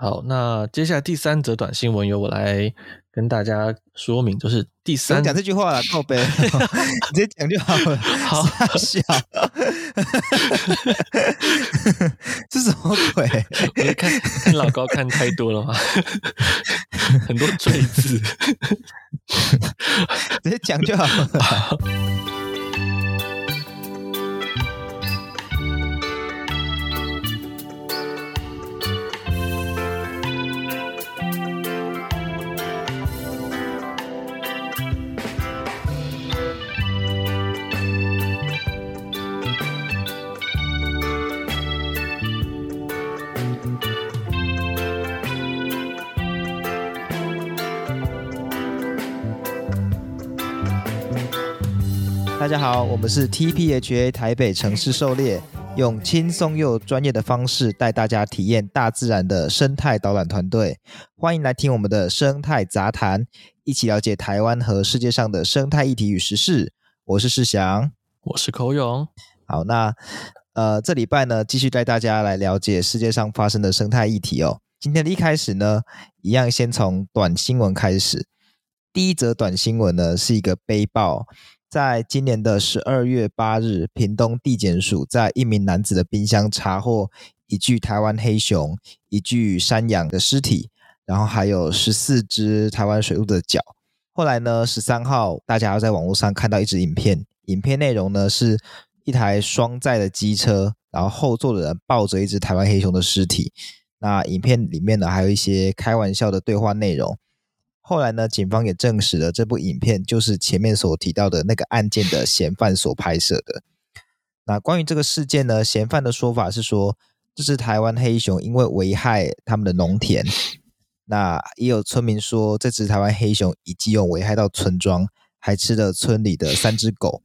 好，那接下來第三則短新聞由我來跟大家說明，就是第三講這句話了，靠北， 直接講就好了。好殺小笑，， 這什麼鬼？我你看，看老高看太多了嗎？ 很多嘴字， 直接講就好了。 大家好，我們是 TPHA 台北城市狩獵，用輕鬆又專業的方式帶大家體驗大自然的生態導覽團隊，歡迎來聽我們的生態雜談，一起了解台灣和世界上的生態議題與時事。我是世祥，我是口勇。好，那呃這禮拜呢，繼續帶大家來了解世界上發生的生態議題哦。今天的一開始呢，一樣先從短新聞開始。第一則短新聞呢，是一個悲報。在今年的十二月八日，屏東地檢署在一名男子的冰箱查獲一具台灣黑熊、一具山羊的屍體，然後還有十四隻台灣水鹿的腳。後來呢，十三號大家又在網絡上看到一支影片，影片內容呢是一台雙載的機車，然後後座的人抱着一隻台灣黑熊的屍體。那影片裡面呢還有一些開玩笑的對話內容。後來呢，警方也證實了這部影片就是前面所提到的那個案件的嫌犯所拍攝的。那關於這個事件呢，嫌犯的說法是說，這只台灣黑熊因為危害他們的農田，那也有村民說，這只台灣黑熊不僅有危害到村莊，還吃了村裡的三只狗。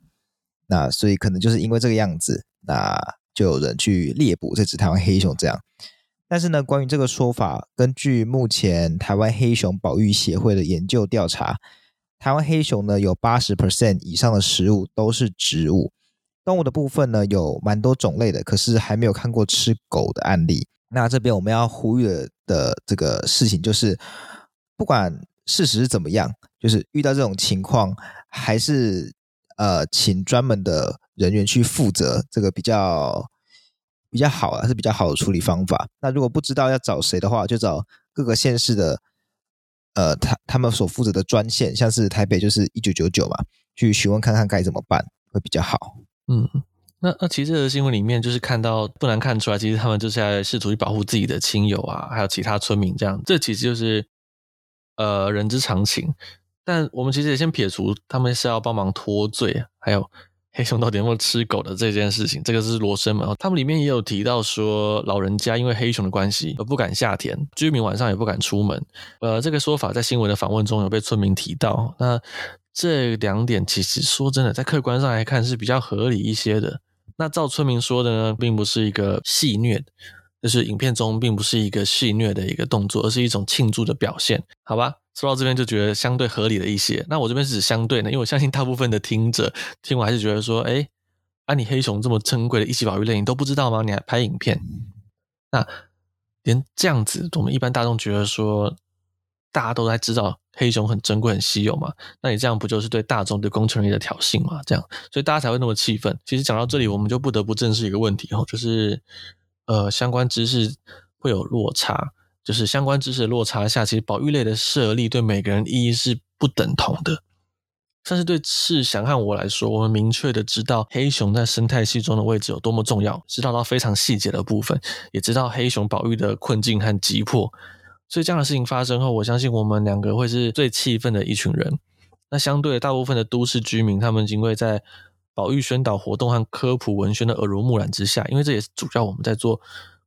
那所以可能就是因為這個樣子，那就有人去獵捕這只台灣黑熊這樣。但是呢，關於這個說法，根據目前台灣黑熊保育協會的研究調查，台灣黑熊呢有八十 percent 以上的食物都是植物，動物的部分呢有蠻多種類的，可是還沒有看過吃狗的案例。那這邊我們要呼籲的這個事情就是，不管事實是怎麼樣，就是遇到這種情況，還是呃，請專門的人員去負責這個比較。比較好啊，是比較好的處理方法。那如果不知道要找誰的話，就找各個縣市的，呃，他他們所負責的專線，像是台北就是一九九九嘛，去詢問看看該怎麼辦會比較好。嗯，那那、啊、其實這個新聞裡面就是看到不難看出來，其實他們就是在試圖去保護自己的親友啊，還有其他村民這樣，這其實就是呃人之常情。但我們其實也先撇除他們是要幫忙脫罪，還有。黑熊到底能不能吃狗的這件事情，這個是羅生門。他們裡面也有提到說，老人家因為黑熊的關係而不敢下田，居民晚上也不敢出門。呃，這個說法在新聞的訪問中有被村民提到。那這兩點其實說真的，在客觀上來看是比較合理一些的。那照村民說的呢，並不是一個戲謔。就是影片中並不是一個戲謔的一個動作，而是一種慶祝的表現，好吧？說到這邊就覺得相對合理了一些。那我這邊是指相對呢，因為我相信大部分的聽者聽完還是覺得說，哎、欸，啊你黑熊這麼珍貴的一級保育類，你都不知道嗎？你還拍影片？嗯、那連這樣子，我們一般大眾覺得說，大家都在知道黑熊很珍貴、很稀有嘛？那你這樣不就是對大眾對公權力的挑釁嘛？這樣，所以大家才會那麼氣憤。其實講到這裡，我們就不得不正視一個問題哈，就是。呃，相關知識會有落差，就是相關知識的落差下，其實保育類的設立對每個人意義是不等同的。但是對赤翔和我來說，我們明確的知道黑熊在生態系中的位置有多麼重要，知道到非常細節的部分，也知道黑熊保育的困境和急迫。所以這樣的事情發生後，我相信我們兩個會是最氣憤的一群人。那相對大部分的都市居民，他們因為在保育宣導活動和科普文宣的耳濡目染之下，因為這也是主要我們在做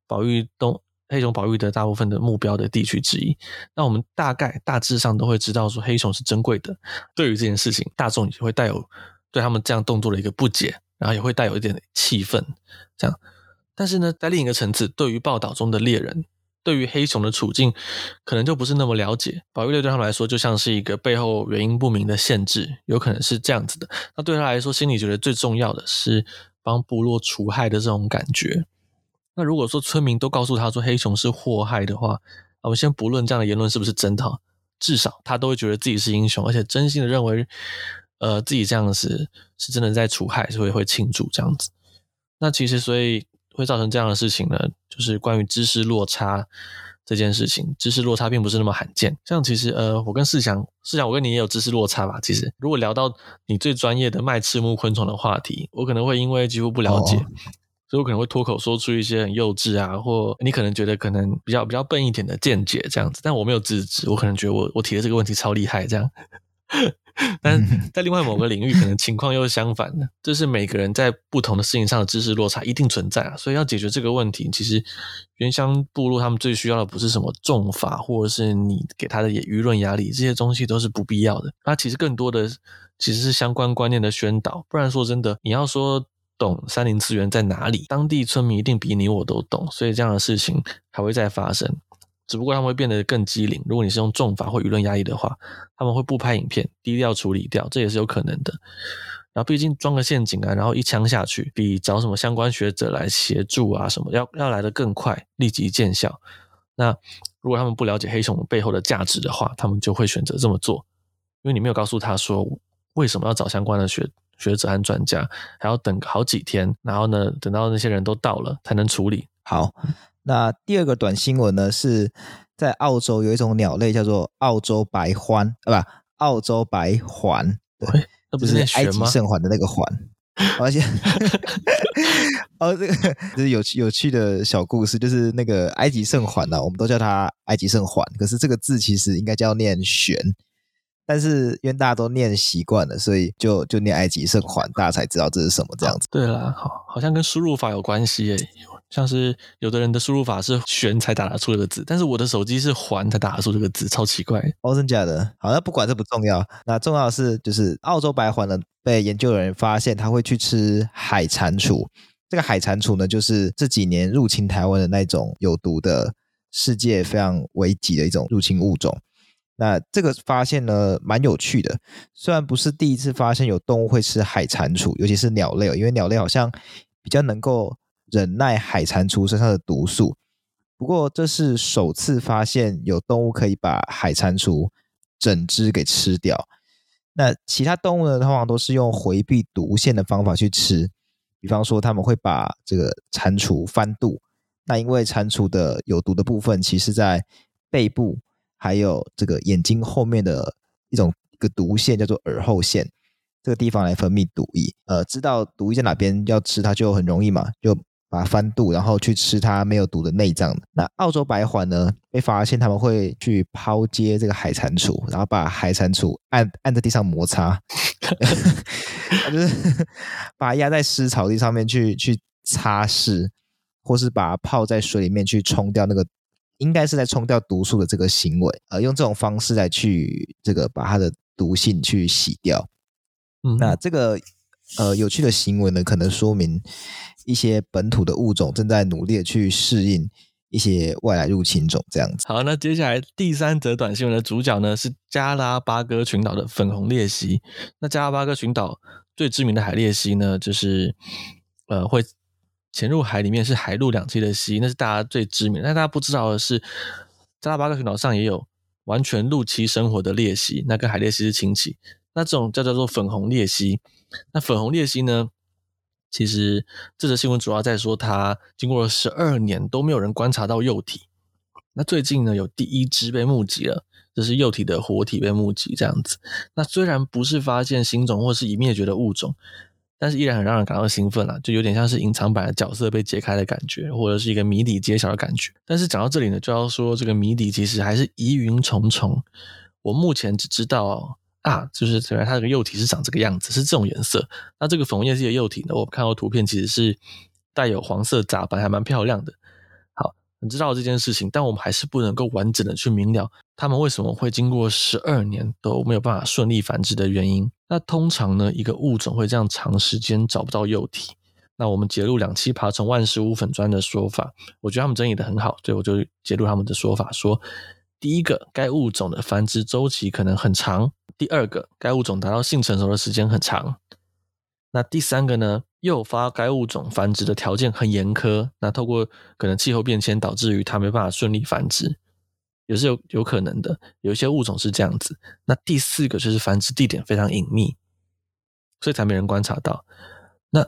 保育東黑熊保育的大部分的目標的地區之一。那我們大概大致上都會知道說黑熊是珍貴的，對於這件事情，大眾也會帶有對他們這樣動作的一個不解，然後也會帶有一點氣憤。這樣，但是呢，在另一個層次，對於報道中的獵人。對於黑熊的處境，可能就不是那麼了解。保育類對他們來說，就像是一個背後原因不明的限制，有可能是這樣子的。那對他來說，心裡覺得最重要的是幫部落除害的這種感覺。那如果說村民都告訴他說黑熊是禍害的話，啊、我們先不論這樣的言論是不是真的，至少他都會覺得自己是英雄，而且真心的認為，呃，自己這樣子是真的在除害，所以會慶祝這樣子。那其實，所以。會造成這樣的事情呢，就是關於知識落差這件事情，知識落差並不是那麼罕見。像其實呃，我跟世祥，世祥，我跟你也有知識落差吧。其實，如果聊到你最專業的脈翅目昆蟲的話題，我可能會因為幾乎不了解，哦、所以我可能會脫口說出一些很幼稚啊，或你可能覺得可能比較比較笨一點的見解這樣子。但我沒有自知，我可能覺得我我提的這個問題超厲害這樣。 但在另外某個領域，可能情況又是相反的。這是每個人在不同的事情上的知識落差一定存在啊，所以要解決這個問題，其實原鄉部落他們最需要的不是什麼重罰，或者是你給他的輿論壓力，這些東西都是不必要的。那其實更多的其實是相關觀念的宣導。不然說真的，你要說懂山林資源在哪裡，當地村民一定比你我都懂，所以這樣的事情還會再發生。只不過他們會變得更機靈。如果你是用重罰或輿論壓抑的話，他們會不拍影片，低調處理掉，這也是有可能的。然後畢竟裝個陷阱啊，然後一槍下去，比找什麼相關學者來協助啊什麼，要要來得更快，立即見效。那如果他們不了解黑熊背後的價值的話，他們就會選擇這麼做，因為你沒有告訴他說為什麼要找相關的學學者和專家，還要等好幾天，然後呢，等到那些人都到了才能處理好。那第二個短新聞呢，是在澳洲有一種鳥類叫做澳洲白䴉啊，不，澳洲白䴉，對，那不、欸、是埃及聖䴉的那個䴉？而且、欸，哦，這個就是有趣有趣的小故事，就是那個埃及聖䴉呢，我們都叫它埃及聖䴉，可是這個字其實應該叫念玄，但是因為大家都念習慣了，所以就就念埃及聖䴉，大家才知道這是什麼這樣子。對啦，好，好像跟輸入法有關係誒、欸。像是有的人的輸入法是旋才打得出這個字，但是我的手機是環才打得出這個字，超奇怪。哦，真的假的？好，那不管這不重要。那重要的是，就是澳洲白䴉呢，被研究的人發現，他會去吃海蟾蜍。這個海蟾蜍呢，就是這幾年入侵台灣的那種有毒的、世界非常危急的一種入侵物種。那這個發現呢，蠻有趣的。雖然不是第一次發現有動物會吃海蟾蜍，尤其是鳥類，因為鳥類好像比較能夠。忍耐海蟾蜍身上的毒素，不過這是首次發現有動物可以把海蟾蜍整隻給吃掉。那其他動物呢？通常都是用回避毒腺的方法去吃，比方說他們會把這個蟾蜍翻肚。那因為蟾蜍的有毒的部分，其實在背部還有這個眼睛後面的一種一個毒腺，叫做耳後腺，這個地方來分泌毒液。呃，知道毒液在哪邊，要吃它就很容易嘛，就。把它翻肚，然後去吃它沒有毒的內臟。那澳洲白環呢？被發現他們會去拋接這個海蟾蜍，然後把海蟾蜍按按在地上摩擦， 就是把它壓在濕草地上面去去擦拭，或是把它泡在水裡面去沖掉那個，應該是在沖掉毒素的這個行為。而、呃、用這種方式來去這個把它的毒性去洗掉。嗯、那這個呃有趣的行為呢，可能說明。一些本土的物種正在努力去適應一些外來入侵種，這樣子。好，那接下來第三則短新聞的主角呢，是加拉巴哥群島的粉紅鬣蜥。那加拉巴哥群島最知名的海鬣蜥呢，就是呃會潛入海裡面，是海陸兩棲的蜥，那是大家最知名的。但大家不知道的是，加拉巴哥群島上也有完全陸棲生活的鬣蜥，那跟海鬣蜥是親戚。那這種叫叫做粉紅鬣蜥。那粉紅鬣蜥呢？其實這則新聞主要在說，它經過了十二年都沒有人觀察到幼體。那最近呢，有第一隻被目擊了，這是幼體的活體被目擊，這樣子。那雖然不是發現新種或是已滅絕的物種，但是依然很讓人感到興奮啊，就有點像是隱藏版的角色被揭開的感覺，或者是一個謎底揭曉的感覺。但是講到這裡呢，就要說這個謎底其實還是疑雲重重。我目前只知道哦。啊，就是原來它這個幼體是長這個樣子，是這種顏色。那這個粉紅鬣蜥的幼體呢，我們看到圖片其實是帶有黃色雜斑，還蠻漂亮的。好，你知道這件事情，但我們還是不能夠完整的去明了他們為什麼會經過十二年都沒有辦法順利繁殖的原因。那通常呢，一個物種會這樣長時間找不到幼體。那我們節錄兩棲爬蟲萬事屋粉專的說法，我覺得他們整理得很好，所以我就節錄他們的說法：說第一個，該物種的繁殖週期可能很長。第二個，該物種達到性成熟的時間很長。那第三個呢？誘發該物種繁殖的條件很嚴苛。那透過可能氣候變遷，導致於它沒辦法順利繁殖，也是有有可能的。有一些物種是這樣子。那第四個就是繁殖地點非常隱秘，所以才沒人觀察到。那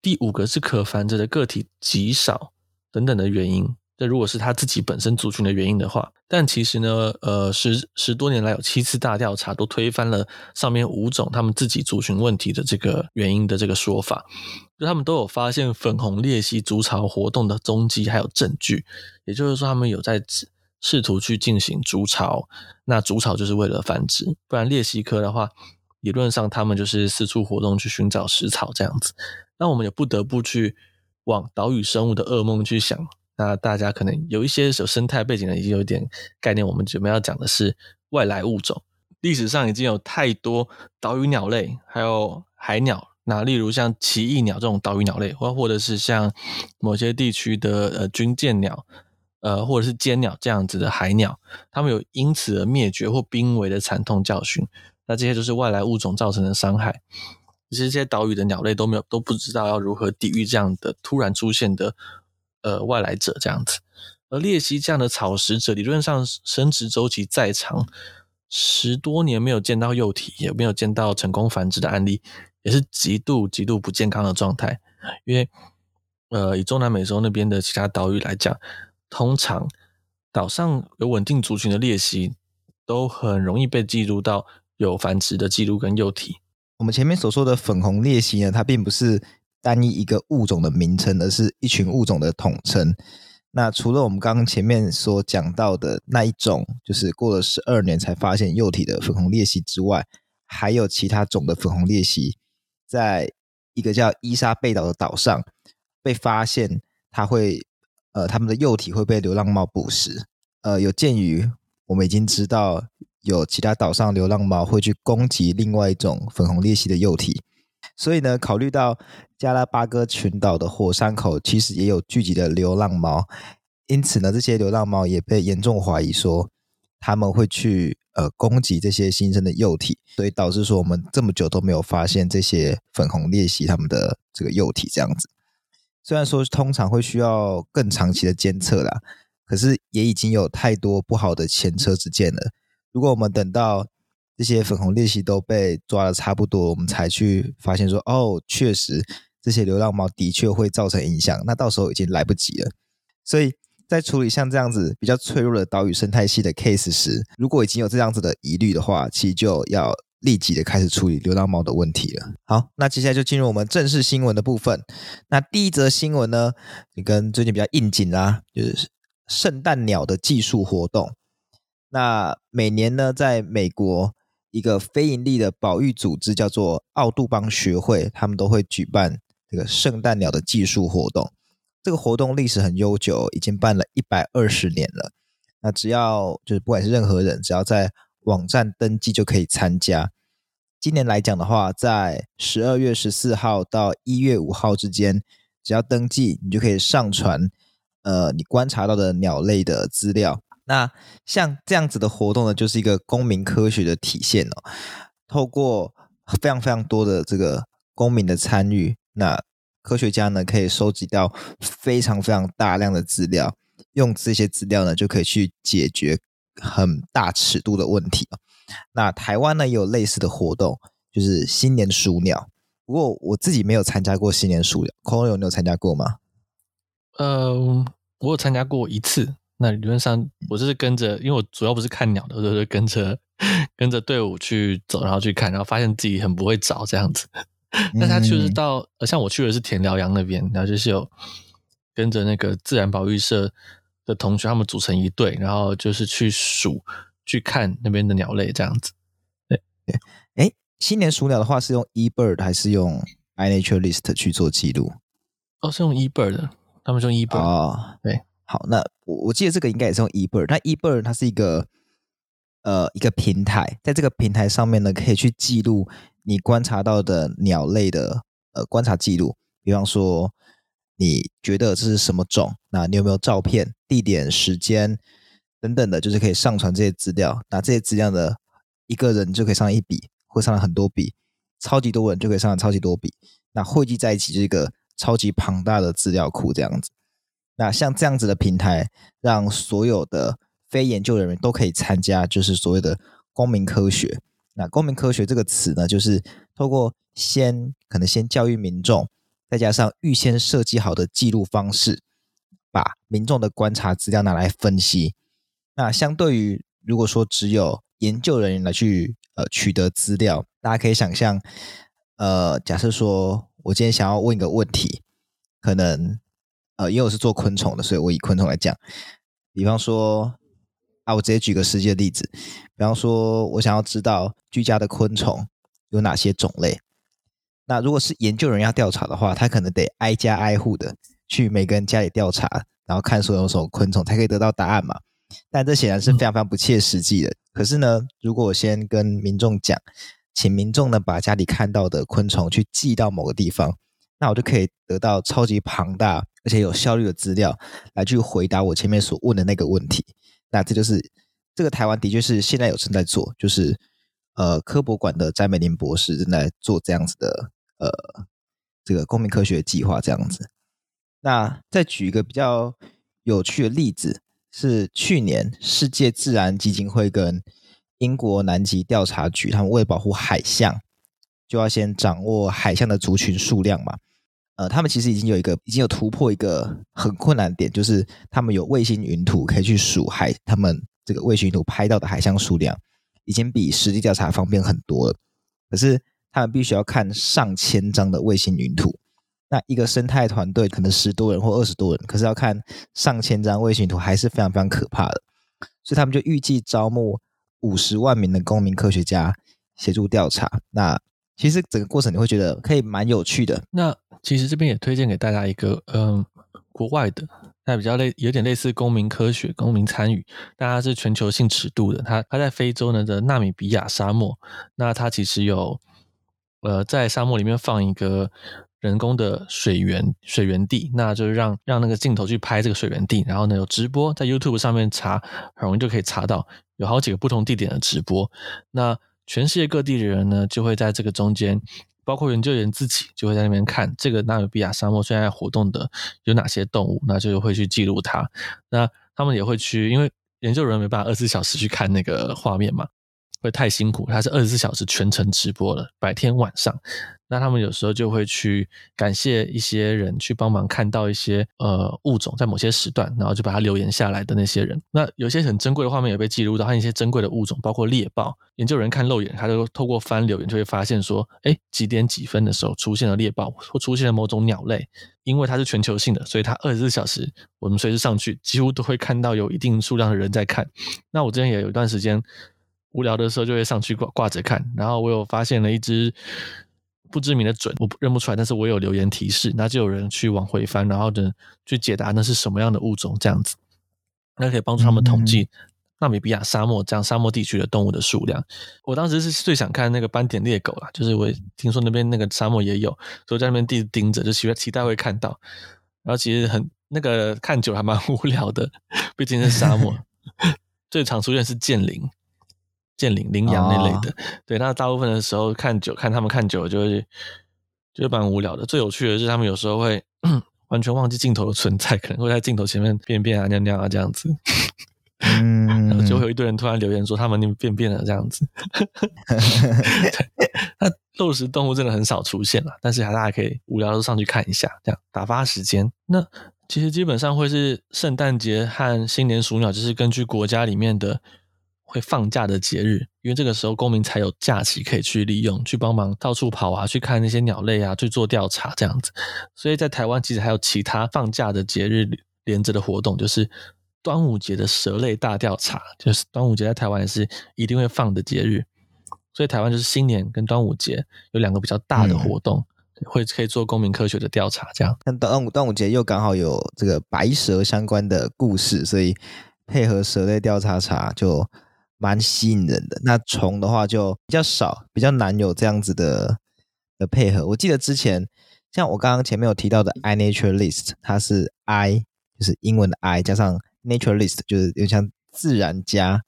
第五個是可繁殖的個體極少等等的原因。這如果是他自己本身族群的原因的話，但其實呢，呃，十十多年來有七次大調查都推翻了上面五種他們自己族群問題的這個原因的這個說法，就他們都有發現粉紅鬣蜥築巢活動的蹤跡還有證據，也就是說他們有在試圖去進行築巢，那築巢就是為了繁殖，不然鬣蜥科的話，理論上他們就是四處活動去尋找食草這樣子，那我們也不得不去往島嶼生物的噩夢去想。那大家可能有一些有生態背景的，已經有點概念。我們準備要講的是外來物種，歷史上已經有太多島嶼鳥類，還有海鳥。那例如像奇異鳥這種島嶼鳥類，或或者是像某些地區的呃軍艦鳥，呃或者是鰹鳥這樣子的海鳥，它們有因此而滅絕或瀕危的慘痛教訓。那這些就是外來物種造成的傷害，其實這些島嶼的鳥類都沒有都不知道要如何抵御這樣的突然出現的。呃，外來者這樣子，而鬣蜥這樣的草食者，理論上生殖週期再長，十多年沒有見到幼體，也沒有見到成功繁殖的案例，也是極度極度不健康的狀態。因為，呃，以中南美洲那邊的其他島嶼來講，通常島上有穩定族群的鬣蜥，都很容易被記錄到有繁殖的記錄跟幼體。我們前面所說的粉紅鬣蜥呢，它並不是。單一一個物種的名稱，而是一群物種的統稱。那除了我們剛剛前面所講到的那一種，就是過了十二年才發現幼體的粉紅鬣蜥之外，還有其他種的粉紅鬣蜥，在一個叫伊莎貝島的島上被發現，它會呃，它們的幼體會被流浪貓捕食。呃，有鑑於我們已經知道有其他島上流浪貓會去攻擊另外一種粉紅鬣蜥的幼體。所以呢，考慮到加拉巴哥群島的火山口其實也有聚集的流浪貓，因此呢，這些流浪貓也被嚴重懷疑說牠們會去呃攻擊這些新生的幼體，所以導致說我們這麼久都沒有發現這些粉紅鬣蜥它們的這個幼體這樣子。雖然說通常會需要更長期的監測啦，可是也已經有太多不好的前車之鑑了。如果我們等到這些粉紅鬣蜥，都被抓的差不多，我們才去發現說，哦，確實這些流浪貓的確會造成影響。那到時候已經來不及了。所以在處理像這樣子比較脆弱的島嶼生態系的 case 時，如果已經有這樣子的疑慮的話，其實就要立即的開始處理流浪貓的問題了。好，那接下來就進入我們正式新聞的部分。那第一則新聞呢，你跟最近比較應景啦，就是聖誕鳥的計數活動。那每年呢，在美國。一個非盈利的保育組織叫做奧杜邦學會，他們都會舉辦這個聖誕鳥的計數活動。這個活動歷史很悠久，已經辦了一百二十年了。那只要就是不管是任何人，只要在網站登記就可以參加。今年來講的話，在十二月十四號到一月五號之間，只要登記，你就可以上傳呃你觀察到的鳥類的資料。那像這樣子的活動呢，就是一個公民科學的體現喔。透過非常非常多的這個公民的參與，那科學家呢可以收集到非常非常大量的資料，用這些資料呢就可以去解決很大尺度的問題喔。那台灣呢也有類似的活動，就是新年數鳥。不過我自己沒有參加過新年數鳥，空有你有參加過嗎？呃，我有參加過一次。那理論上，我就是跟着，因為我主要不是看鳥的，我就是跟着跟着隊伍去走，然後去看，然後發現自己很不會找這樣子。那他其實到，嗯、像我去的是田寮洋那邊，然後就是有跟着那個自然保育社的同學，他們組成一隊，然後就是去數、去看那邊的鳥類這樣子。對對，哎、欸，新年數鳥的話是用 eBird 還是用 iNaturalist 去做記錄？哦，是用 eBird，他們用 eBird 哦，bird, oh. 對。好，那我我記得這個應該也是用 eBird 那 eBird 它是一個呃一個平台，在這個平台上面呢，可以去記錄你觀察到的鳥類的呃觀察記錄，比方說你覺得這是什麼種，那你有沒有照片、地點、時間等等的，就是可以上傳這些資料。那這些資料的一個人就可以上一筆，或上了很多筆，超級多人就可以上了超級多筆，那匯集在一起就是一個超級龐大的資料庫，這樣子。那像這樣子的平台，讓所有的非研究人員都可以參加，就是所謂的“公民科學”。那“公民科學”這個詞呢，就是透過先，可能先教育民眾，再加上預先設計好的記錄方式，把民眾的觀察資料拿來分析。那相對於如果說只有研究人員來去呃取得資料，大家可以想象，呃，假設說我今天想要問一個問題，可能。呃，因為我是做昆蟲的，所以我以昆蟲來講。比方說啊，我直接舉個實際的例子，比方說我想要知道居家的昆蟲有哪些種類。那如果是研究人員要調查的話，他可能得挨家挨戶的去每個人家裡調查，然後看說有什麼昆蟲，才可以得到答案嘛。但這顯然是非常非常不切實際的。可是呢，如果我先跟民眾講，請民眾呢把家裡看到的昆蟲去寄到某個地方，那我就可以得到超級龐大。而且有效率的資料來去回答我前面所問的那個問題，那這就是這個台灣的確是現在有正在做，就是呃，科博館的詹美林博士正在做這樣子的呃，這個公民科學計劃這樣子。那再舉一個比較有趣的例子，是去年世界自然基金會跟英國南極調查局，他們為保護海象，就要先掌握海象的族群數量嘛。呃，他們其實已經有一個，已經有突破一個很困難的點，就是他們有衛星雲圖可以去數海，他們這個衛星圖拍到的海象數量，已經比實地調查方便很多了。可是他們必須要看上千張的衛星雲圖，那一個生態團隊可能十多人或二十多人，可是要看上千張衛星圖還是非常非常可怕的。所以他們就預計招募五十萬名的公民科學家協助調查。那其實整個過程你會覺得可以蠻有趣的。那其實這邊也推薦給大家一個，嗯，國外的，那比較類有點類似公民科學、公民參與，但它是全球性尺度的。它它在非洲呢的納米比亞沙漠，那它其實有，呃，在沙漠裡面放一個人工的水源水源地，那就是讓讓那個鏡頭去拍這個水源地，然後呢有直播，在 YouTube 上面查，很容易就可以查到，有好幾個不同地點的直播。那全世界各地的人呢，就會在這個中間，包括研究員自己就會在那邊看這個納米比亞沙漠現在活動的有哪些動物，那就會去記錄它。那他們也會去，因為研究人員沒辦法二十四小時去看那個畫面嘛，會太辛苦。它是二十四小時全程直播的，白天晚上。那他們有時候就會去感謝一些人去幫忙看到一些呃物種在某些時段，然後就把它留言下來的那些人。那有些很珍貴的畫面也被記錄到，還有一些珍貴的物種，包括獵豹。研究人員看肉眼，他就透過翻留言就會發現說，誒、欸、幾點幾分的時候出現了獵豹或出現了某種鳥類，因為它是全球性的，所以它二十四小時我們隨時上去，幾乎都會看到有一定數量的人在看。那我之前也有一段時間無聊的時候就會上去掛掛着看，然後我有發現了一隻。不知名的准，我認不出來，但是我有留言提示，那就有人去往回翻，然後呢去解答那是什麼樣的物種，這樣子，那可以幫助他們統計納米比亞沙漠這樣沙漠地區的動物的數量。我當時是最想看那個斑點鬣狗啦，就是我聽說那邊那個沙漠也有，嗯、所以在那邊一直盯着，就期待期待會看到。然後其實很那個看久了還蠻無聊的，畢竟是沙漠， 最常出現是劍羚。劍羚、羚羊那類的，哦、對，那大部分的時候看久，看他們看久了就會就會蠻無聊的。最有趣的是，他們有時候會完全忘記鏡頭的存在，可能會在鏡頭前面便便啊、尿尿啊這樣子。嗯，然後就會有一堆人突然留言說他們那便便了這樣子。那肉、嗯、 食動物真的很少出現了，但是還大家可以無聊的時候上去看一下，這樣打發時間。那其實基本上會是聖誕節和新年數鳥，就是根據國家裡面的。會放假的節日，因為這個時候公民才有假期可以去利用，去幫忙到處跑啊，去看那些鳥類啊，去做調查這樣子。所以在台灣其實還有其他放假的節日連着的活動，就是端午節的蛇類大調查，就是端午節在台灣也是一定會放的節日。所以台灣就是新年跟端午節有兩個比較大的活動，嗯、會可以做公民科學的調查這樣。那端午端午節又剛好有這個白蛇相關的故事，所以配合蛇類調查查就。蠻吸引人的。那蟲的話就比較少，比較難有這樣子的，的配合。我記得之前像我剛剛前面有提到的，iNaturalist，它是 i 就是英文的 i 加上 Naturalist，就是有像自然家。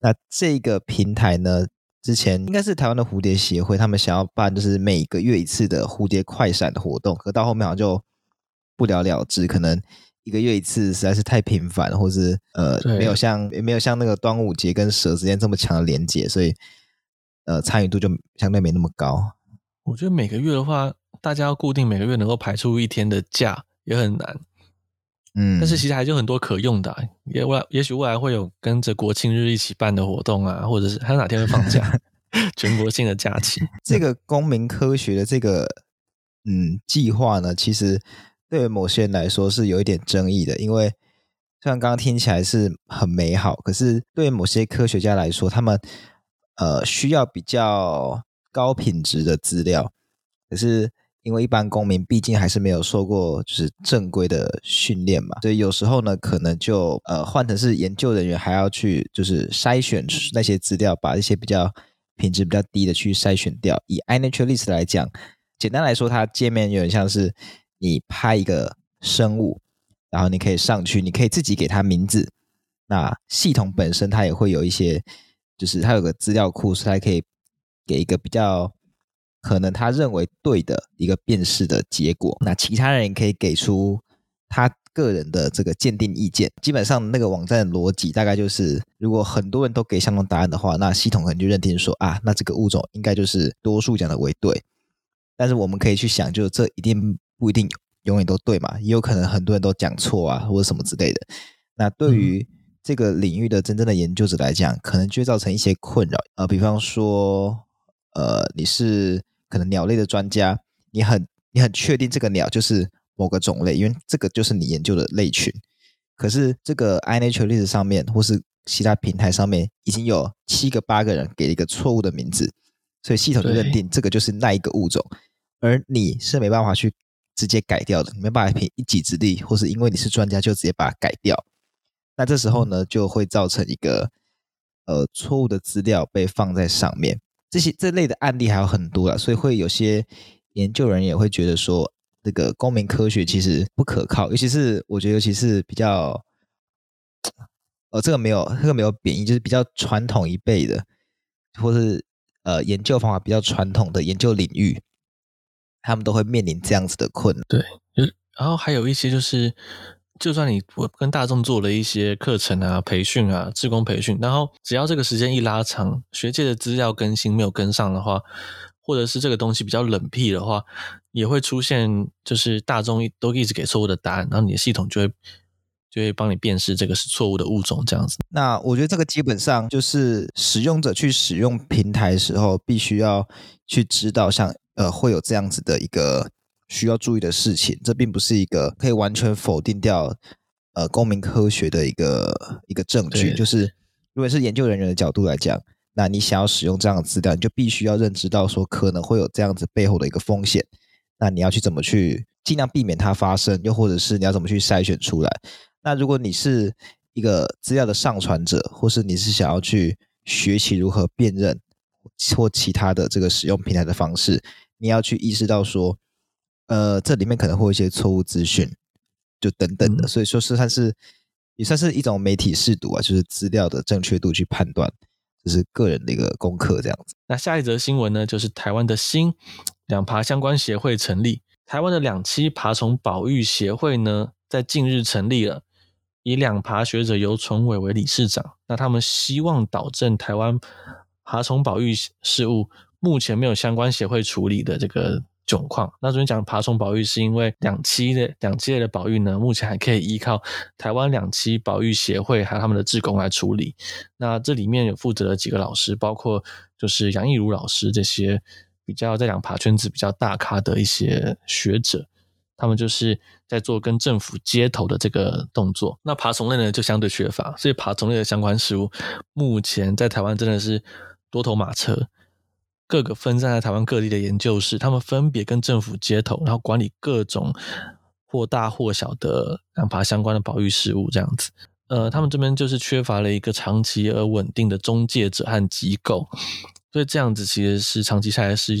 那這個平台呢，之前應該是台灣的蝴蝶協會，他們想要辦就是每個月一次的蝴蝶快閃的活動，可到後面好像就不了了之，可能。一個月一次實在是太頻繁，或者是呃對沒有像也沒有像那個端午節跟蛇之間這麼強的連結，所以呃參與度就相對沒那麼高。我覺得每個月的話，大家要固定每個月能夠排出一天的假也很難。嗯，但是其實還有很多可用的啊，也未也許未來會有跟着國慶日一起辦的活動啊，或者是還有哪天會放假， 全國性的假期。這個公民科學的這個嗯計劃呢，其實。對於某些人來說是有一點爭議的，因為雖然剛剛聽起來是很美好，可是對於某些科學家來說，他們呃需要比較高品質的資料。可是因為一般公民畢竟還是沒有受過就是正規的訓練嘛，所以有時候呢，可能就呃換成是研究人員還要去就是篩選那些資料，把一些比較品質比較低的去篩選掉。以 iNaturalist 來講，簡單來說，它界面有點像是。你拍一個生物，然後你可以上去，你可以自己給它名字。那系統本身它也會有一些，就是它有個資料庫，是它可以給一個比較可能他認為對的一個辨識的結果。那其他人也可以給出他個人的這個鑑定意見。基本上那個網站的邏輯大概就是，如果很多人都給相同答案的話，那系統可能就認定說啊，那這個物種應該就是多數講的為對。但是我們可以去想，就這一定，不一定永遠都對嘛，也有可能很多人都講錯啊，或者什麼之類的。那對於這個領域的真正的研究者來講，可能就會造成一些困擾。呃，比方說，呃，你是可能鳥類的專家，你很你很確定這個鳥就是某個種類，因為這個就是你研究的類群。可是這個 iNaturalist 上面或是其他平台上面已經有七個八個人給了一個錯誤的名字，所以系統就認定這個就是那一個物種，對而你是沒辦法去。直接改掉的，你沒辦法憑一己之力，或是因為你是專家就直接把它改掉。那這時候呢，就會造成一個呃錯誤的資料被放在上面。這些這類的案例還有很多啦，所以會有些研究人也會覺得說，這個公民科學其實不可靠，尤其是我覺得，尤其是比較呃這個沒有這個沒有貶義，就是比較傳統一輩的，或是呃研究方法比較傳統的研究領域。他們都會面臨這樣子的困難。對，然後還有一些就是，就算你我跟大眾做了一些課程啊、培訓啊、志工培訓，然後只要這個時間一拉長，學界的資料更新沒有跟上的話，或者是這個東西比較冷僻的話，也會出現就是大眾一都一直給錯誤的答案，然後你的系統就會就會幫你辨識這個是錯誤的物種這樣子。那我覺得這個基本上就是使用者去使用平台的時候，必須要去知道像。呃，會有這樣子的一個需要注意的事情，這並不是一個可以完全否定掉呃公民科學的一個一個證據。對就是如果是研究人員的角度來講，那你想要使用這樣的資料，你就必須要認知到說可能會有這樣子背後的一個風險。那你要去怎麼去儘量避免它發生，又或者是你要怎麼去篩選出來？那如果你是一個資料的上傳者，或是你是想要去學習如何辨認或其他的這個使用平台的方式，你要去意識到說，呃，這裡面可能會有一些錯誤資訊，就等等的，所以說是算是也算是一種媒體識讀啊，就是資料的正確度去判斷，就是個人的一個功課這樣子。那下一則新聞呢，就是台灣的新兩爬相關協會成立，台灣的兩棲爬蟲保育協會呢，在近日成立了，以兩爬學者尤崇偉為理事長，那他們希望導正台灣爬蟲保育事務目前沒有相關協會處理的這個窘況。那昨天講爬蟲保育，是因為兩棲的兩棲類的保育呢，目前還可以依靠台灣兩棲保育協會還有他們的志工來處理。那這裡面有負責的幾個老師，包括就是楊懿如老師這些比較在兩爬圈子比較大咖的一些學者，他們就是在做跟政府接頭的這個動作。那爬蟲類呢就相對缺乏，所以爬蟲類的相關事務目前在台灣真的是多頭馬車。各個分散在台灣各地的研究室，他們分別跟政府接頭，然後管理各種或大或小的兩爬相關的保育事務，這樣子。呃，他們這邊就是缺乏了一個長期而穩定的中介者和機構，所以這樣子其實是長期下來是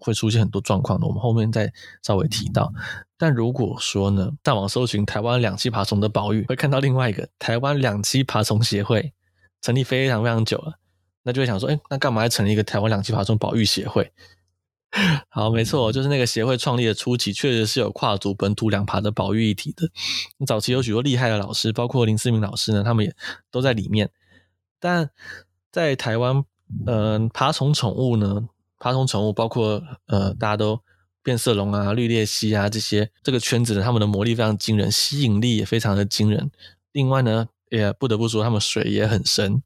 會出現很多狀況的。我們後面再稍微提到。但如果說呢，上網搜尋台灣兩棲爬蟲的保育，會看到另外一個台灣兩棲爬蟲協會，成立非常非常久了。那就會想說，誒、欸、那幹嘛要成立一個台灣兩棲爬蟲保育協會？ 好，沒錯，就是那個協會創立的初期，確實是有跨足本土兩爬的保育議題的。早期有許多厲害的老師，包括林思民老師呢，他們也都在裡面。但在台灣，嗯、呃、爬蟲寵物呢，爬蟲寵物包括呃，大家都變色龍啊、綠鬣蜥啊這些這個圈子呢，他們的魔力非常驚人，吸引力也非常的驚人。另外呢，也、欸、不得不說，他們水也很深。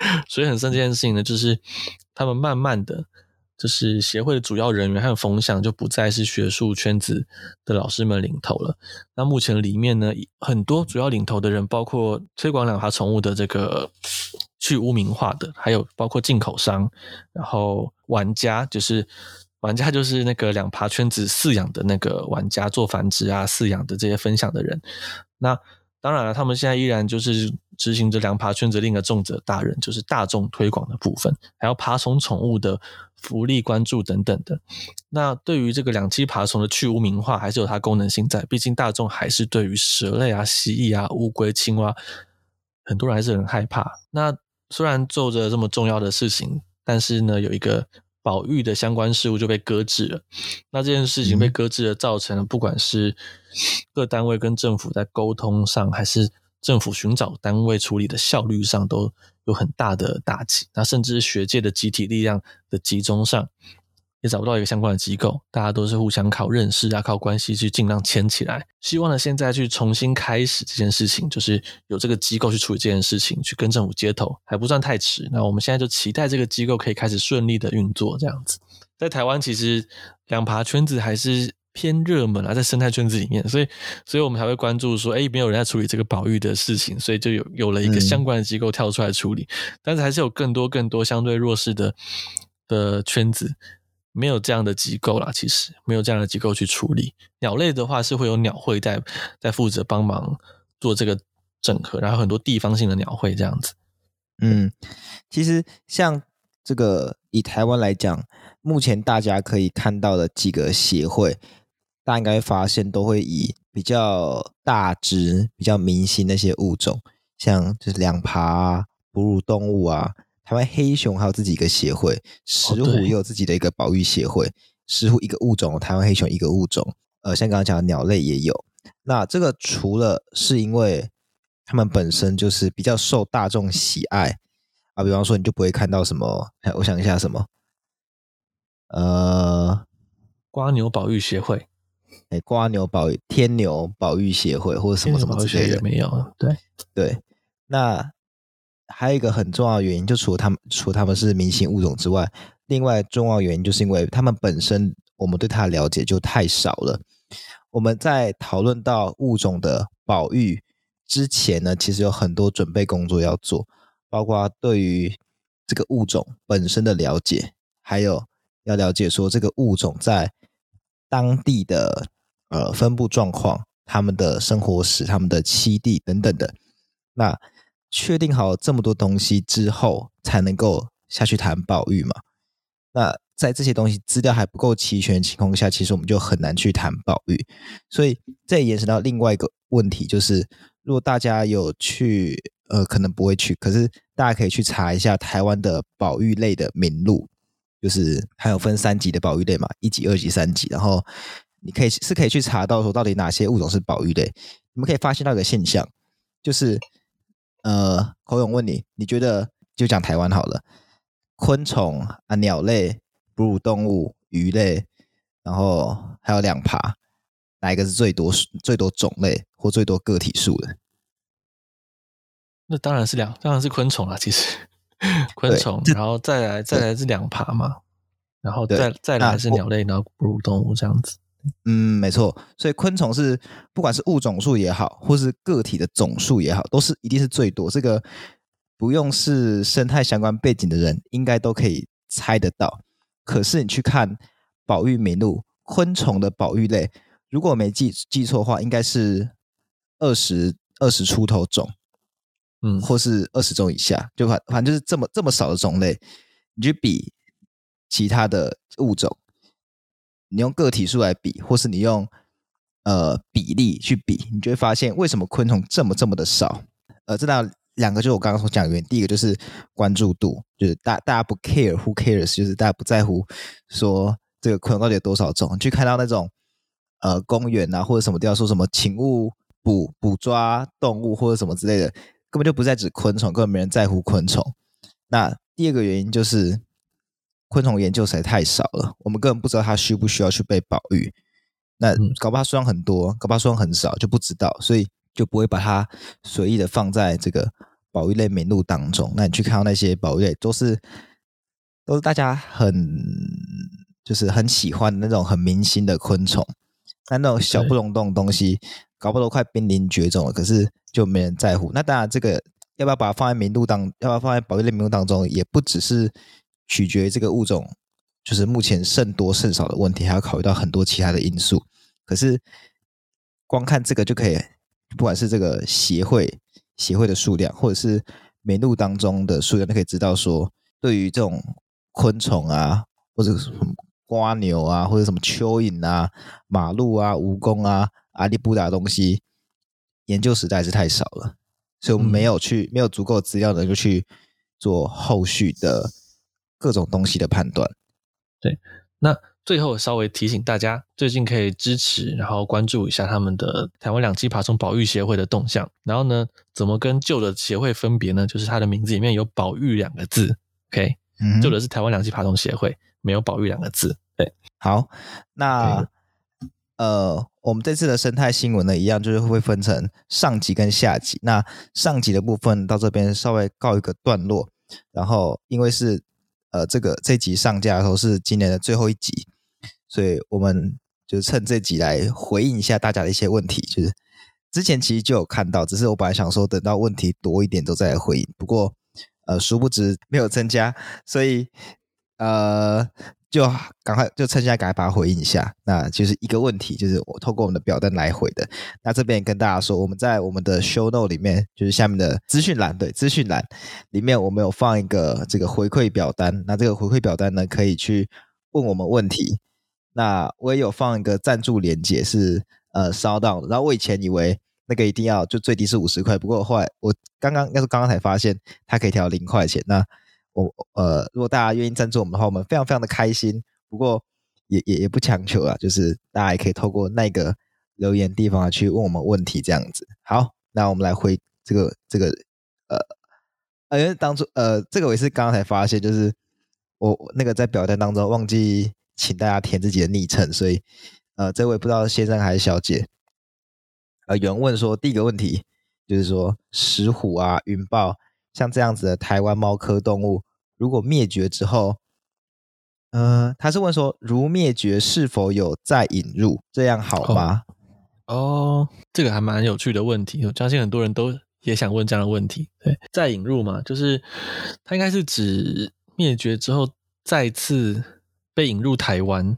所以很深這件事情呢，就是他們慢慢的，就是協會的主要人員還有風向就不再是學術圈子的老師們領頭了。那目前裡面呢，很多主要領頭的人，包括推廣兩爬寵物的這個去污名化的，還有包括進口商，然後玩家，就是玩家就是那個兩爬圈子飼養的那個玩家做繁殖啊、飼養的這些分享的人。那當然了，他們現在依然就是。執行這兩爬圈子另一個重責大人，就是大眾推廣的部分，還有爬蟲寵物的福利關注等等的。那對於這個兩棲爬蟲的去污名化，還是有它功能性在。畢竟大眾還是對於蛇類啊、蜥蜴啊、烏龜、青蛙，很多人還是很害怕。那雖然做着這麼重要的事情，但是呢，有一個保育的相關事務就被擱置了。那這件事情被擱置了，嗯、造成了不管是各單位跟政府在溝通上，還是。政府尋找單位處理的效率上都有很大的打擊，那甚至學界的集體力量的集中上也找不到一個相關的機構，大家都是互相靠認識啊，靠關係去盡量牽起來。希望呢，現在去重新開始這件事情，就是有這個機構去處理這件事情，去跟政府接頭，還不算太遲。那我們現在就期待這個機構可以開始順利的運作，這樣子。在台灣，其實兩爬圈子還是偏熱門啊，在生態圈子裡面，所以，所以我們才會關注說，誒、欸，沒有人在處理這個保育的事情，所以就有有了一個相關的機構跳出來處理。嗯、但是，還是有更多更多相對弱勢的的圈子沒有這樣的機構啦。其實，沒有這樣的機構去處理鳥類的話，是會有鳥會在在負責幫忙做這個整合，然後很多地方性的鳥會這樣子。嗯，其實像這個以台灣來講，目前大家可以看到的幾個協會。大家應該會發現，都會以比較大隻、比較明星那些物種，像就是兩爬、啊、哺乳動物啊，台灣黑熊還有自己一個協會，石虎也有自己的一個保育協會，石虎一個物種，台灣黑熊一個物種。呃，像剛剛講的鳥類也有。那這個除了是因為它們本身就是比較受大眾喜愛啊，比方說你就不會看到什麼，我想一下什麼，呃，蝸牛保育協會。欸，蝸牛保育、天牛保育協會或者什麼什麼協會也沒有。對對，那還有一個很重要的原因，就除了他們，除了他們是明星物種之外，另外重要原因就是因為他們本身，我們對他的了解就太少了。我們在討論到物種的保育之前呢，其實有很多準備工作要做，包括對於這個物種本身的了解，還有要了解說這個物種在當地的。呃，分布狀況、他們的生活史、他們的棲地等等的，那確定好這麼多東西之後，才能夠下去談保育嘛。那在這些東西資料還不夠齊全的情況下，其實我們就很難去談保育。所以，這也延伸到另外一個問題，就是如果大家有去，呃，可能不會去，可是大家可以去查一下台灣的保育類的名錄，就是還有分三級的保育類嘛，一級、二級、三級，然後。你可以是可以去查到說到底哪些物種是保育類。你們可以發現到一個現象，就是呃，侯勇問你，你覺得就講台灣好了，昆蟲啊、鳥類、哺乳動物、魚類，然後還有兩爬，哪一個是最多數、最多種類或最多個體數的？那當然是兩，當然是昆蟲啦。其實 昆蟲蟲，對然後再來對再來是兩爬嘛，然後再對再來是鳥類，然後哺乳動物這樣子。嗯，沒錯。所以昆蟲是不管是物種數也好，或是個體的總數也好，都是一定是最多。這個不用是生態相關背景的人，應該都可以猜得到。可是你去看《保育名錄》，昆蟲的保育類，如果我沒記記錯的話，應該是二十二十出頭種，嗯，或是二十種以下，就反反正就是這麼這麼少的種類。你就比其他的物種。你用個體數來比，或是你用呃比例去比，你就會發現為什麼昆蟲這麼這麼的少。呃，這兩兩個就是我剛剛所講的原因，第一個就是關注度，就是大大家不 care，who cares，就是大家不在乎說這個昆蟲到底有多少種。你去看到那種呃公園啊或者什麼地方說什麼請勿捕捕抓動物或者什麼之類的，根本就不再指昆蟲，根本沒人在乎昆蟲。那第二個原因就是。昆蟲研究實在太少了，我們根本不知道它需不需要去被保育。那搞不好數量很多，嗯、搞不好數量很少就不知道，所以就不會把它隨意的放在這個保育類名錄當中。那你去看到那些保育類都是都是大家很就是很喜歡的那種很明星的昆蟲，但那，那種小不隆咚的東西對搞不好都快瀕臨絕種了，可是就沒人在乎。那當然，這個要不要把它放在名錄當，要不要放在保育類名錄當中，也不只是。取決於這個物種，就是目前剩多剩少的問題，還要考慮到很多其他的因素。可是，光看這個就可以，不管是這個協會協會的數量，或者是名錄當中的數量，都可以知道說，對於這種昆蟲啊，或者什麼蝸牛啊，或者什麼蚯蚓啊、馬陸啊、蜈蚣啊、阿里不達的東西，研究實在是太少了，所以我們沒有去，沒有足夠資料的，就去做後續的。各種東西的判斷，對。那最後稍微提醒大家，最近可以支持，然後關注一下他們的台灣兩棲爬蟲保育協會的動向。然後呢，怎麼跟舊的協會分別呢？就是它的名字裡面有“保育”兩個字。OK，嗯哼，舊的是台灣兩棲爬蟲協會，沒有“保育”兩個字。對，好。那，對的，呃，我們這次的生態新聞呢，一樣就是會分成上集跟下集。那上集的部分到這邊稍微告一個段落，然後因為是。呃，這個這集上架的時候是今年的最後一集，所以我們就趁這集來回應一下大家的一些問題。就是之前其實就有看到，只是我本來想說等到問題多一點都再來回應，不過呃，殊不知沒有增加，所以呃。就趕快就趁現在趕快把它回應一下，那就是一個問題，就是我透過我們的表單來回的。那這邊跟大家說，我們在我們的 show note 裡面，就是下面的資訊欄，對資訊欄裡面我們有放一個這個回饋表單。那這個回饋表單呢，可以去問我們問題。那我也有放一個贊助連結，是呃 SoundOn。然後我以前以為那個一定要就最低是五十塊，不過後來我剛剛，要是剛剛才發現它可以調零塊錢。那我、哦、呃，如果大家願意贊助我們的話，我們非常非常的開心。不過也也也不強求啊，就是大家也可以透過那個留言地方去問我們問題這樣子。好，那我們來回這個這個呃，呃，因為當初呃，這個我也是剛才發現，就是我那個在表單當中忘記請大家填自己的昵稱，所以呃，這位不知道先生還是小姐，呃，有人問說第一個問題就是說石虎啊，雲豹。像這樣子的台灣貓科動物，如果滅絕之後，嗯、呃，他是問說，如滅絕是否有再引入，這樣好嗎？哦，oh. oh, 這個還蠻有趣的問題，我相信很多人都也想問這樣的問題。對，再引入嘛，就是它應該是指滅絕之後再次被引入台灣。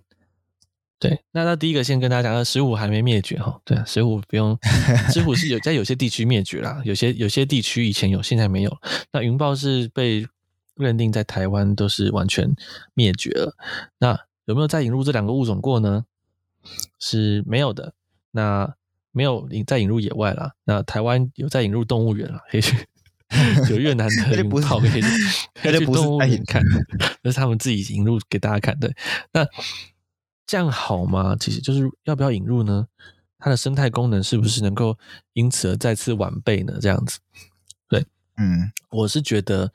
對，那那第一個先跟大家講，那石虎還沒滅絕哈。對啊，石虎不用，石虎是有在有些地區滅絕了， 有些有些地區以前有，現在沒有。那雲豹是被認定在台灣都是完全滅絕了。那有沒有再引入這兩個物種過呢？是沒有的。那沒有引再引入野外了。那台灣有在引入動物園了，H, 有越南的雲豹 不是 H, H 動物園看，那 是， 是他們自己引入給大家看。對，那。這樣好嗎？其實就是要不要引入呢？它的生態功能是不是能夠因此而再次完備呢？這樣子，對，嗯，我是覺得，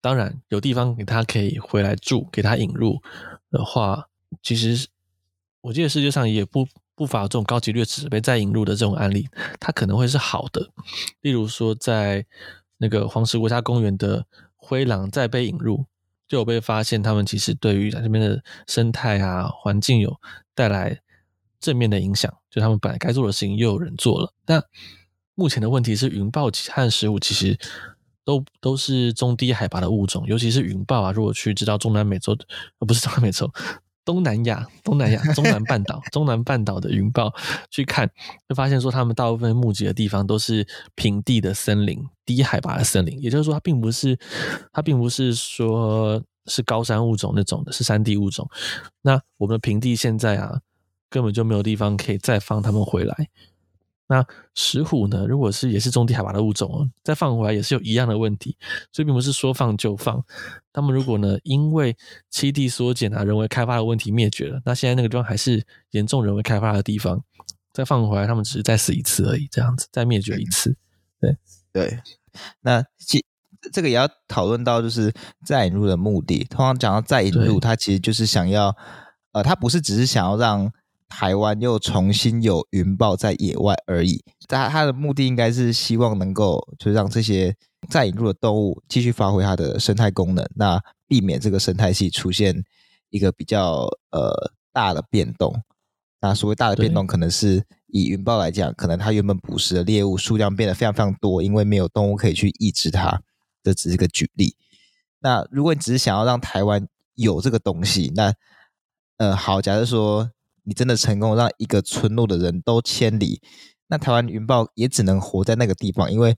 當然有地方給它可以回來住，給它引入的話，其實我記得世界上也不不乏這種高級掠食者被再引入的這種案例，它可能會是好的。例如說，在那個黃石國家公園的灰狼再被引入。就有被發現，他們其實對於在這邊的生態啊、環境有帶來正面的影響。就他們本來該做的事情，又有人做了。那目前的問題是，雲豹和石虎其實都都是中低海拔的物種，尤其是雲豹啊。如果去知道中南美洲，不是中南美洲。東南亞，東南亞，中南半島， 中南半島的雲豹，去看，就發現說，他們大部分目擊的地方都是平地的森林，低海拔的森林，也就是說，它並不是，它並不是說，是高山物種那種的，是山地物種。那我們的平地現在啊，根本就沒有地方可以再放它們回來。那石虎呢？如果是也是中低海拔的物種哦，再放回來也是有一樣的問題，所以並不是說放就放。他們如果呢，因為棲地縮減啊、人為開發的問題滅絕了，那現在那個地方還是嚴重人為開發的地方，再放回來，他們只是再死一次而已，這樣子再滅絕一次。對對，那其個也要討論到，就是再引入的目的。通常講到再引入，對它其實就是想要，呃，它不是只是想要讓。台灣又重新有雲豹在野外而已，它它的目的應該是希望能夠就是讓這些再引入的動物繼續發揮它的生態功能，那避免這個生態系出現一個比較呃大的變動。那所謂大的變動，可能是以雲豹來講，可能它原本捕食的獵物數量變得非常非常多，因為沒有動物可以去抑制它。這只是一個舉例。那如果你只是想要讓台灣有這個東西，那呃好，假設說。你真的成功讓一個村落的人都遷移，那台灣雲豹也只能活在那個地方，因為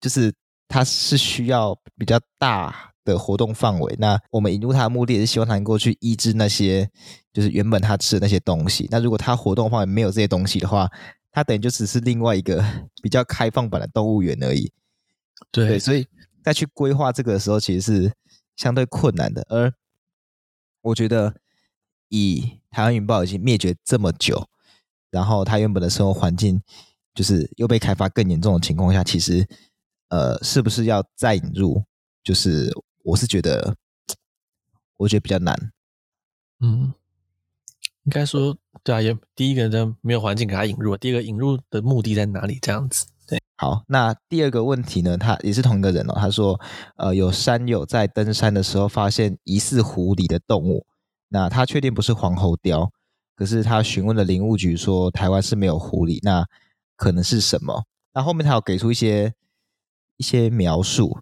就是它是需要比較大的活動範圍。那我們引入它的目的也是希望它能夠去抑制那些就是原本它吃的那些東西。那如果它活動範圍沒有這些東西的話，它等於就只是另外一個比較開放版的動物園而已。對，所以再去規劃這個的時候其實是相對困難的。而我覺得。以台灣雲豹已經滅絕這麼久，然後它原本的生活環境就是又被開發更嚴重的情況下，其實呃，是不是要再引入？就是我是覺得，我覺得比較難。嗯，應該說對啊，也第一個人沒有環境給它引入，第二個引入的目的在哪裡？這樣子對。好，那第二個問題呢？他也是同一個人哦，他說呃，有山友在登山的時候發現疑似狐狸的動物。那他確定不是黃喉貂，可是他詢問了林務局說台灣是沒有狐狸，那可能是什麼？那後面他有給出一些一些描述，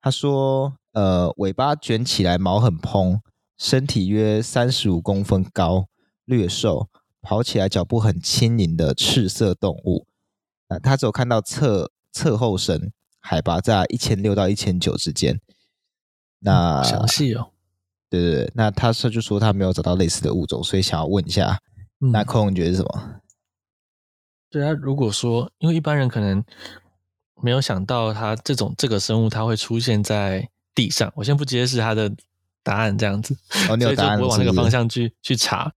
他說：呃，尾巴捲起來，毛很蓬，身體約三十五公分高，略瘦，跑起來腳步很輕盈的赤色動物。那他只有看到側側後身，海拔在一千六到一千九之間。那詳細哦。對對對，那他他就說他沒有找到類似的物種，所以想要問一下，那空你覺得是什麼？嗯、對啊，如果說因為一般人可能沒有想到它這種這個生物它會出現在地上，我先不揭示它的答案，這樣子，所以就不會往那個方向去是是去查。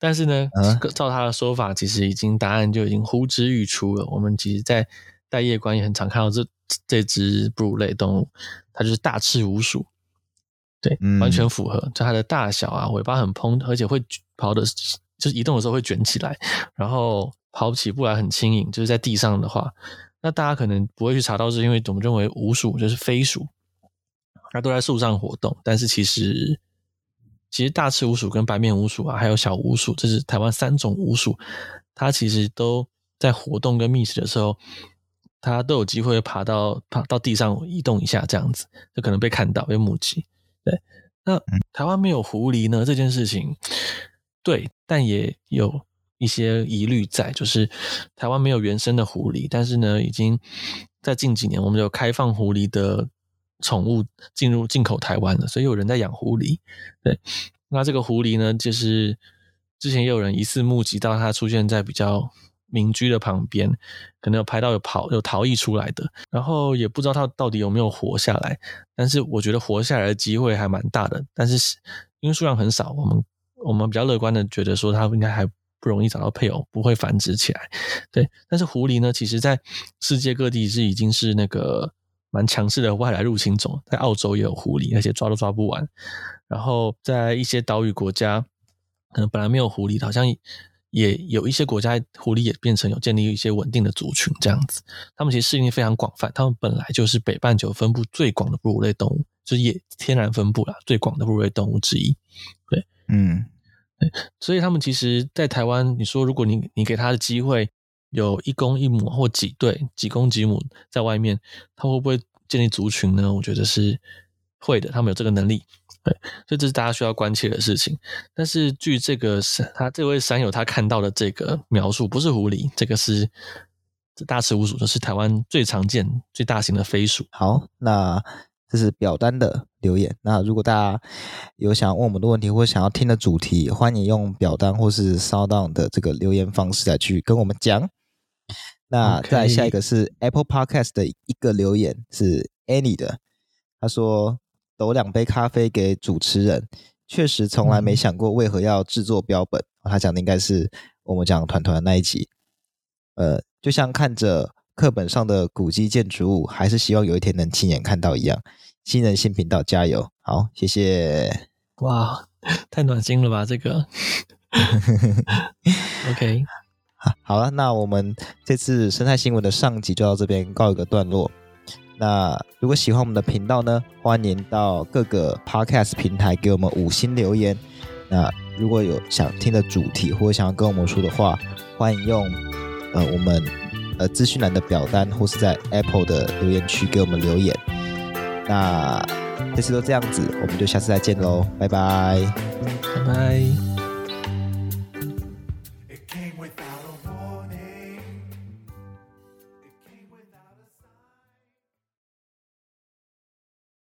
但是呢，嗯、照他的說法，其實已經答案就已經呼之欲出了。我們其實，在帶夜觀也很常看到這這只哺乳類動物，它就是大赤鼯鼠。對，完全符合。嗯、就它的大小啊，尾巴很蓬，而且會跑的，就是移動的時候會卷起來，然後跑起步來很輕盈。就是在地上的話，那大家可能不會去查到，是因為我們認為鼯鼠就是飛鼠，它都在樹上活動。但是其實，其實大赤鼯鼠跟白面鼯鼠啊，還有小鼯鼠，這是台灣三種鼯鼠，它其實都在活動跟覓食的時候，它都有機會爬到爬到地上移動一下，這樣子就可能被看到被目擊。對，那台灣沒有狐狸呢，這件事情，對，但也有一些疑慮在，就是台灣沒有原生的狐狸，但是呢，已經在近幾年，我們就有開放狐狸的寵物進入進口台灣了，所以有人在養狐狸。對，那這個狐狸呢，就是之前也有人疑似目擊到它出現在比較。民居的旁邊，可能有拍到有跑有逃逸出來的，然後也不知道它到底有沒有活下來。但是我覺得活下來的機會還蠻大的，但是因為數量很少，我們我們比較樂觀的覺得說，它應該還不容易找到配偶，不會繁殖起來。對，但是狐狸呢，其實在世界各地是已經是那個蠻強勢的外來入侵種，在澳洲也有狐狸，而且抓都抓不完。然後在一些島嶼國家，可能本來沒有狐狸，好像。也有一些國家，狐狸也變成有建立一些穩定的族群這樣子，他們其實適應力非常廣泛，他們本來就是北半球分布最廣的哺乳類動物，就是也天然分布啦，最廣的哺乳類動物之一。對，嗯對，所以他們其實，在台灣，你說如果你你給他的機會，有一公一母或幾對，幾公幾母在外面，他會不會建立族群呢？我覺得是會的，他們有這個能力。對，所以這是大家需要關切的事情。但是，據這個是他這位山友他看到的這個描述，不是狐狸，這個是這大赤鼯鼠，這、就是台灣最常見、最大型的飛鼠。好，那這是表單的留言。那如果大家有想問我們的問題，或者想要聽的主題，歡迎用表單或是 SoundOn 的這個留言方式來去跟我們講。那再下一個是 Apple Podcast 的一個留言是 Annie 的，她說。抖兩杯咖啡給主持人，確實從來沒想過為何要制作標本。嗯、他講的應該是我們講團團的那一集。呃，就像看着課本上的古蹟建築物，還是希望有一天能親眼看到一樣。新人新頻道，加油！好，謝謝。哇，太暖心了吧！這個。 OK，好了，那我們這次生態新聞的上集就到這邊告一個段落。那如果喜歡我們的頻道呢，歡迎到各個 podcast 平台給我們五星留言。那如果有想聽的主題或者想要跟我們說的話，歡迎用呃我們呃資訊欄的表單或是在 Apple 的留言區給我們留言。那這次都這樣子，我們就下次再見嘍，拜拜，拜拜。